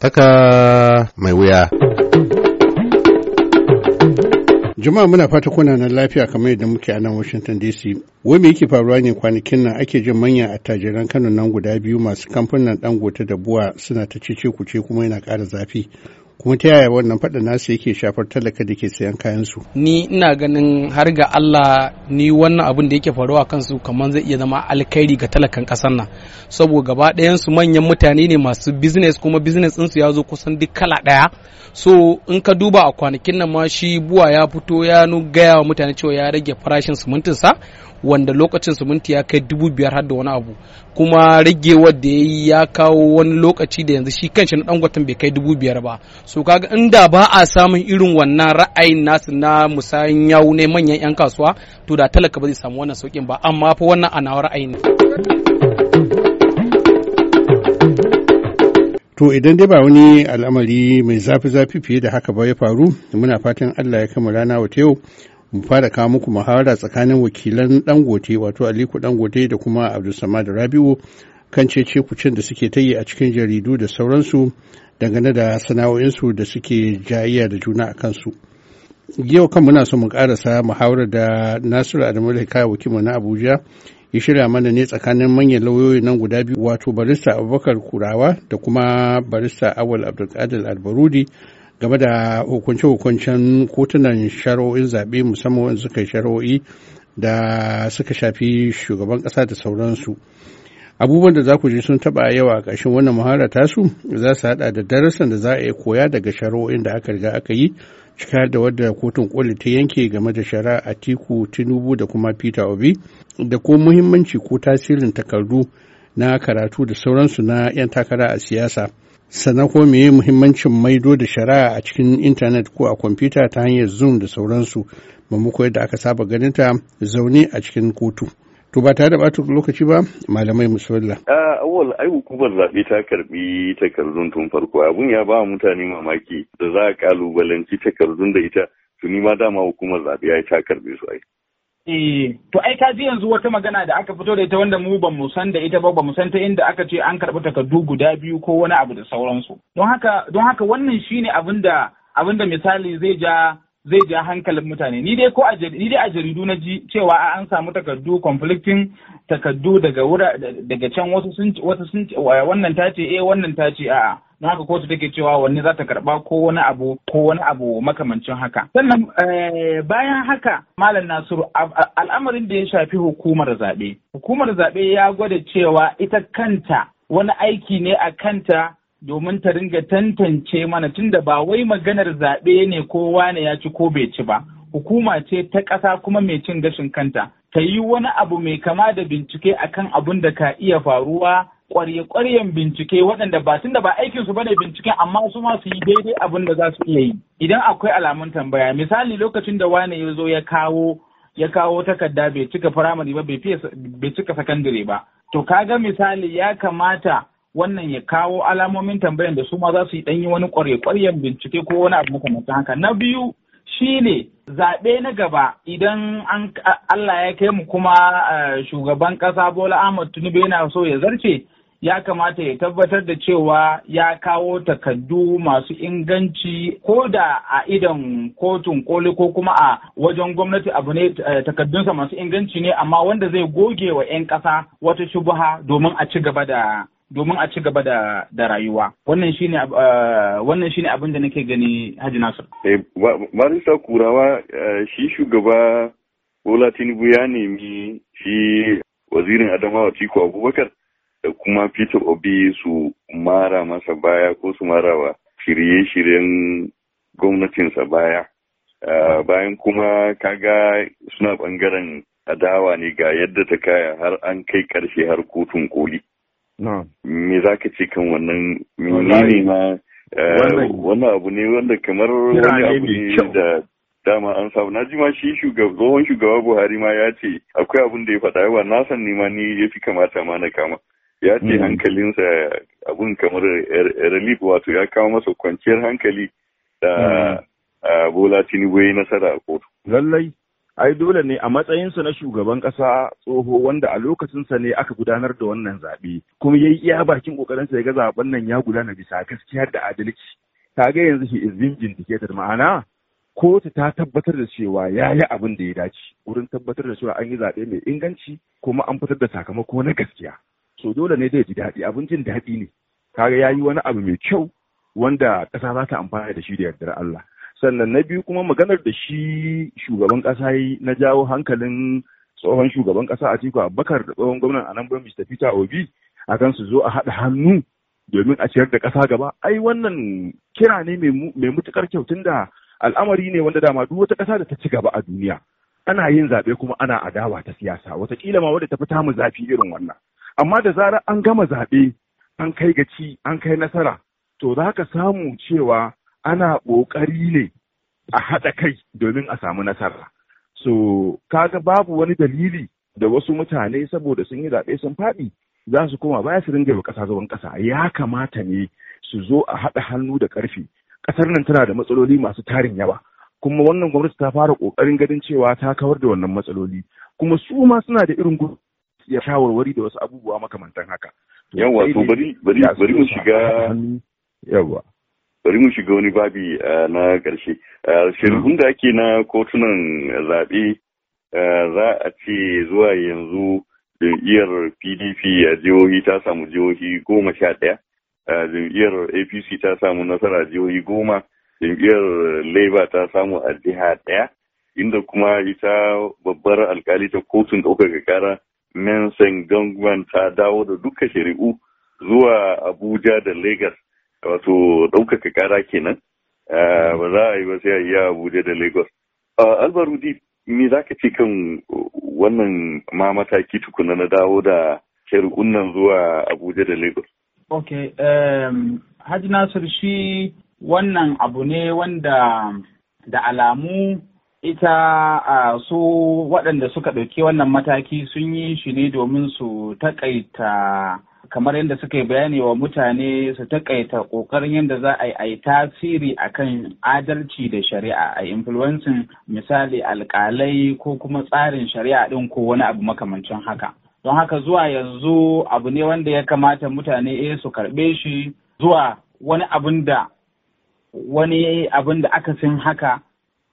Tsaka mai wuya. Juma'a muna fata kuna nan lafiya kamar yadda muke a nan Washington DC. Wai me yake faruwa ne kwanakin nan ake jin manya attajiran Kano nan guda biyu masu kamfanin Dangote da Buwa suna ta cece kuce kuma yana ƙara zafi. kuma ta yaya wannan faɗa nasu yake shafar talaka da ke sayan kayansu ni ina ganin har ga Allah ni wannan abin da yake faruwa kansu kamar zai iya zama alkhairi ga talakan ƙasar nan saboda gaba ɗayansu manyan mutane ne masu business kuma business ɗinsu ya zo kusan duk kala ɗaya so in ka duba a kwanakin nan ma shi buwa ya fito ya gaya wa mutane cewa ya rage farashin simintin wanda lokacin suminti ya kai dubu biyar har da wani abu kuma ragewar da ya ya kawo wani lokaci da yanzu shi kanshi na dangwatan bai kai dubu biyar ba so kaga inda ba a samun irin wannan ra'ayin nasu na musayin yawu ne manyan 'yan kasuwa to da talaka ba zai samu wannan saukin ba amma fa wannan ana ra'ayin. ne To idan dai ba wani al'amari mai zafi-zafi fiye da haka ba ya faru, muna fatan Allah ya kama rana wata yau mu fara kawo muku muhawara tsakanin wakilan dangote wato aliko dangote da kuma abdulsamad rabiu kan cece kucin da suke ta yi a cikin jaridu da sauransu dangane da sana'o'insu da suke jayayya da juna a kansu yau kan muna so mu karasa muhawarar da nasiru adamu da wakilmu na abuja ya shirya mana ne tsakanin manyan lauyoyi nan guda biyu wato barista abubakar kurawa da kuma barista awal abdulkadir albarudi game da hukunce-hukuncen kotunan shari'o'in zaɓe musamman suka yi shari'o'i da suka shafi shugaban ƙasa da sauransu abubuwan da za ku ji sun taɓa yawa a ƙarshen wannan muhara tasu za su haɗa da darasin da za a yi koya daga shari'o'in da aka riga aka yi cika da wadda kotun koli ta yanke game da shara a tiku tinubu da kuma peter obi da ko muhimmanci ko tasirin takardu na karatu da sauransu na 'yan takara a siyasa sannan ko meye muhimmancin maido da shari'a a cikin intanet ko a kwamfuta ta hanyar zoom da sauransu maimako yadda aka saba ganinta zaune a cikin kotu to ba tare da bata lokaci ba malamai musulla a awal ai hukumar zaɓe ta karbi takardun tun farko abun ya ba mutane mamaki da za a kalubalanci takardun da ita tuni ma dama hukumar zaɓe ya ta karbe su ai Eh, to ai ka ji yanzu wata magana da aka fito da ita wanda mu ba mu san da ita ba ba mu san ta inda aka ce an karɓi takardu guda biyu ko wani abu da sauransu. Don haka don haka wannan shine abin da abin da misali zai ja zai ja hankalin mutane. Ni dai ko a ni dai a jaridu na ji cewa an samu takardu conflicting takardu daga wura daga can wasu sun wasu sun wannan ta ce eh wannan ta ce a'a. na haka kotu take cewa wanne za ta karba ko wani abu ko wani abu makamancin haka sannan eh, bayan haka malam nasiru al'amarin da ya shafi hukumar zaɓe hukumar zaɓe ya gwada cewa ita kanta wani aiki ne a kanta domin ta ringa tantance mana tunda ba wai maganar zaɓe ne ko wane ya ci ko bai ci ba hukuma ce ta ƙasa kuma mai cin gashin kanta ta yi wani abu mai kama da bincike akan abun da ka iya faruwa ƙwarye-ƙwaryen bincike waɗanda ba tun da ba aikinsu ba ne bincike amma su ma su yi daidai abin da za su iya yi idan akwai alamun tambaya misali lokacin da wane ya zo ya kawo ya kawo takarda bai cika firamare ba bai cika sakandare ba to kaga misali ya kamata wannan ya kawo alamomin tambayan da su ma za su yi ɗanyi wani ƙwarye-ƙwaryen bincike ko wani abu makamantan haka na biyu shine zaɓe na gaba idan Allah ya kai mu kuma eh, shugaban ƙasa Bola Ahmad Tinubu yana so ya zarce ya kamata ya tabbatar da cewa ya kawo takaddu masu inganci ko da a idan kotun koli ko kuma a wajen gwamnati abu ne eh, takaddunsa masu inganci ne amma wanda zai goge wa 'yan ƙasa wata shubuha domin a ci gaba da domin a ci gaba da da rayuwa wannan shine eh, wannan shine abin da nake gani Haji Nasir eh Marisa Kurawa eh, shi shugaba Bola Tinubu ya nemi shi wazirin Adamawa Tiko Abubakar da kuma Peter Obi su mara masa baya ko su marawa shirye-shiryen gwamnatinsa baya eh, bayan kuma kaga suna bangaren adawa ne ga yadda ta kaya har an kai karshe har kotun koli me za ka ce kan wannan menene ma eh, wannan abu ne wanda kamar wani abu ne da dama an samu na ji ma shi shugaban shugaba buhari ma ya ce akwai abin da ya faɗa yawa na san ma ni ya fi kamata ma na kama ya ce hmm. hankalinsa abun kamar er, er, relief wato ya kawo masa kwanciyar hankali da hmm. eh, bola tinubu ya yi nasara a kotu lallai ai dole ne a matsayinsa na shugaban ƙasa tsoho wanda a lokacinsa ne aka gudanar da wannan zaɓe kuma ya yi iya bakin ƙoƙarinsa ya ga zaɓen nan ya gudana bisa gaskiya da adalci ta ga yanzu shi izin being ta ma'ana kotu ta tabbatar da cewa ya yi abin da ya dace wurin tabbatar da cewa an yi zaɓe mai inganci kuma an fitar da sakamako na gaskiya so dole ne zai ji daɗi abin jin daɗi ne kaga ya yi wani abu mai kyau wanda ƙasa za ta amfana da shi da yardar Allah sannan na biyu kuma maganar da shi shugaban ƙasa yi na jawo hankalin tsohon shugaban ƙasa a cikin Abubakar da tsohon gwamnan Anambra Mr. Peter Obi akan su zo a haɗa hannu domin a ciyar da ƙasa gaba ai wannan kira ne mai mutukar kyau da al'amari ne wanda dama duk wata ƙasa da ta ci gaba a duniya ana yin zaɓe kuma ana adawa ta siyasa wataƙila ma wadda ta fi tamu zafi irin wannan amma da zarar an gama zaɓe an kai gaci an kai nasara to za ka samu cewa ana ƙoƙari ne a haɗa kai domin a samu nasara. So, kaga babu wani dalili da wasu mutane saboda sun yi zaɓe sun faɗi za su koma baya su ringa ƙasa zuwan ƙasa. Ya kamata ne su zo a haɗa hannu da ƙarfi. Ƙasar nan tana da matsaloli masu tarin yawa. Kuma wannan gwamnati ta fara ƙoƙarin ganin cewa ta kawar da wannan matsaloli. Kuma su ma suna da irin gudu ya shawarwari da wasu abubuwa makamantan haka. Yawwa, to bari mu shiga. Yawwa. bari mu shiga wani babi eh, na ƙarshe eh, shirin mm. da ake na kotunan zaɓe eh, za a ce zuwa yanzu jam'iyyar pdp a jihohi ta samu jihohi goma sha ɗaya jam'iyyar apc ta samu nasara jihohi goma jam'iyyar labour ta samu a jiha ɗaya inda kuma ita babbar alkali ta kotun ɗaukaka ƙara mensen Gangwan ta dawo da duka shari'u zuwa Abuja da Lagos wato ɗaukaka kara kenan eh, mm-hmm. ba za a yi ba sai a yi abuja da lagos ah, albarudi me za ka ce kan wannan ma mataki tukuna na dawo da shari'un nan zuwa abuja da lagos ok um, hajji nasir shi wannan abu ne wanda da alamu ita a su waɗanda suka ɗauki wannan mataki sun yi shi ne domin su taƙaita kamar yadda suka yi bayani wa mutane su takaita kokarin yadda za a yi a kan adalci da shari'a a influencing misali alkalai ko kuma tsarin shari'a ɗin ko wani abu makamancin haka don haka zuwa yanzu abu ne wanda ya kamata mutane eh su karbe shi zuwa wani abin da wani abin da haka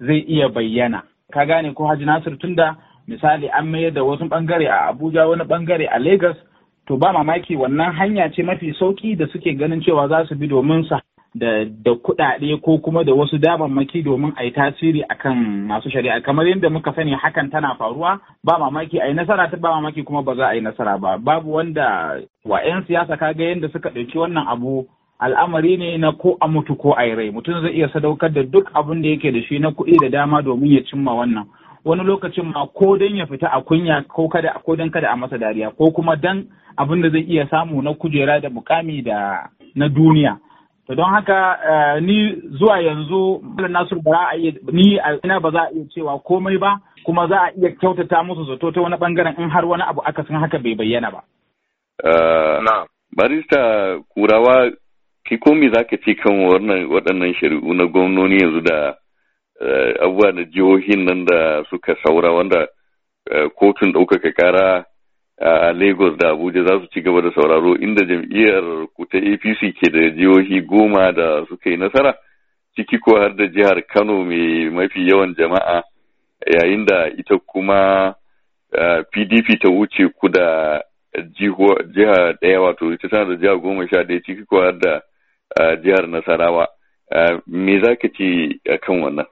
zai iya bayyana ka gane ko haji nasir tunda misali an mayar da wasu bangare a abuja wani bangare a lagos to ba mamaki wannan hanya ce mafi sauki da suke ganin cewa za su bi domin sa da, kuɗaɗe ko kuma da wasu damammaki domin a yi tasiri akan masu shari'a kamar yadda muka sani hakan tana faruwa ba mamaki a yi nasara ta ba mamaki kuma ba za a yi nasara ba babu wanda wa 'yan siyasa kaga yadda suka ɗauki wannan abu al'amari ne na ko a mutu ko a rai mutum zai iya sadaukar da duk abin da yake da shi na kuɗi da dama domin ya cimma wannan wani lokacin ma ko don ya fita a kunya ko kada ko don kada a masa dariya ko kuma dan abin da zai iya samu na kujera da mukami da na duniya to don haka eh, ni zuwa yanzu malam nasiru ba a iya ni ina ba za a iya cewa komai ba kuma za a iya kyautata musu zato ta wani bangaren in har wani abu aka san haka bai bayyana ba eh, na barista kurawa ki komi za ka ce kan waɗannan shari'u na gwamnoni yanzu da Eh, abubuwa na jihohin nan da suka saura wanda eh, kotun ɗaukaka kara a eh, Lagos da Abuja za su ci gaba da sauraro inda jam'iyyar ta APC ke da jihohi goma da suka yi nasara ciki ko har da jihar Kano mai mafi yawan jama'a yayin da ita kuma PDP ta wuce ku da jiha ɗaya wato ita tana da jiha goma sha ɗaya ciki ko har da jihar Nasarawa me za ka ce akan wannan?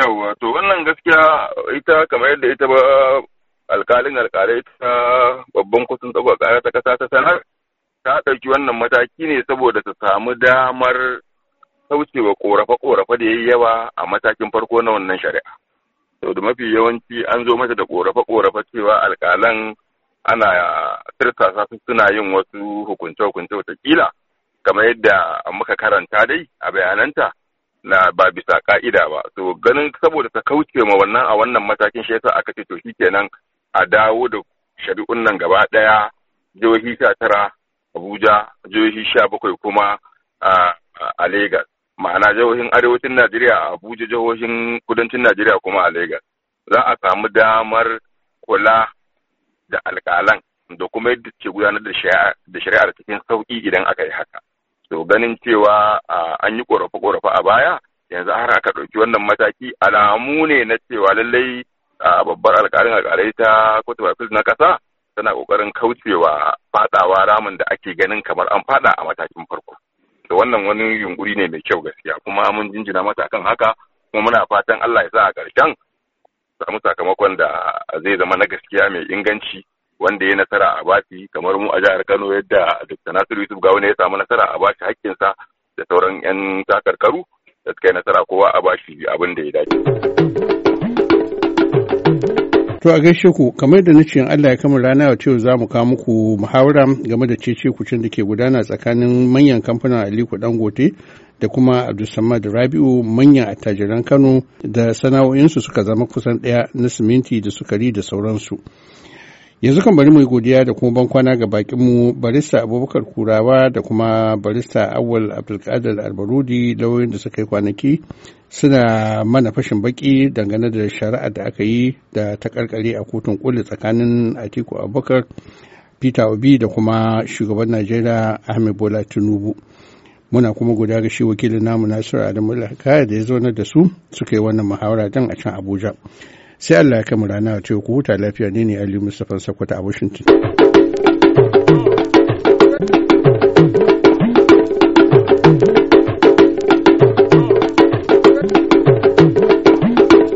Yawwa, to wannan gaskiya ita kamar yadda ita ba alkalin alkalai ta babban kotun tsaba kara ta kasa ta sanar ta ɗauki wannan mataki ne saboda ta samu damar kaucewa ƙorafe-ƙorafe da ya yi yawa a matakin farko na wannan shari'a. Sau da mafi yawanci an zo mata da ƙorafe-ƙorafe cewa alkalan ana tirsasa su suna yin wasu hukunce-hukunce watakila kamar yadda muka karanta dai a bayananta na ba bisa ka'ida ba to ganin saboda ta kauce ma wannan a wannan matakin shi yasa aka ce to kenan a dawo da shari'un nan gaba ɗaya, jihohi sha tara abuja jihohi sha bakwai kuma a Legas. ma'ana jihohin arewacin najeriya a abuja jihohin kudancin najeriya kuma a Legas. za a samu damar kula da alƙalan, da kuma yadda ke gudanar da shari'ar cikin sauƙi idan aka yi haka to ganin cewa an yi ƙorafe-ƙorafe a baya yanzu har aka ɗauki wannan mataki alamu ne na cewa lallai a babbar alƙalin alƙalai ta kotu na ƙasa tana ƙoƙarin kaucewa faɗawa ramin da ake ganin kamar an faɗa a matakin farko to wannan wani yunƙuri ne mai kyau gaskiya kuma mun jinjina mata kan haka kuma muna fatan Allah ya sa a ƙarshen samu sakamakon da zai zama na gaskiya mai inganci wanda ya nasara a bashi kamar mu a jihar Kano yadda Dr. Nasiru Yusuf Gawuna ya samu nasara a bashi hakkin sa da sauran 'yan karu da suka yi nasara kowa a bashi abin da ya dace. To a gaishe ku kamar da nace Allah ya kama rana yau cewa za mu kawo muku muhawara game da cece kucin da ke gudana tsakanin manyan kamfanin Aliko Dangote da kuma Abdulsamad Rabi'u manyan attajiran Kano da sana'o'insu suka zama kusan ɗaya na siminti da sukari da sauransu. yanzu kan bari mu yi godiya da kuma bankwana ga bakinmu barista abubakar kurawa da kuma barista awal abdulkadir albarudi lauyoyin da suka yi kwanaki suna mana fashin baki dangane da shari'ar da aka yi da ta karkare a kotun koli tsakanin atiku abubakar peter obi da kuma shugaban najeriya ahmed bola tinubu muna kuma guda ga shi wakilin namu nasiru adamu da ya zo da su suka yi wannan muhawara don a can abuja sai Allah ya kama rana a ku huta lafiya ne ne Ali Mustapha Sokoto a Washington.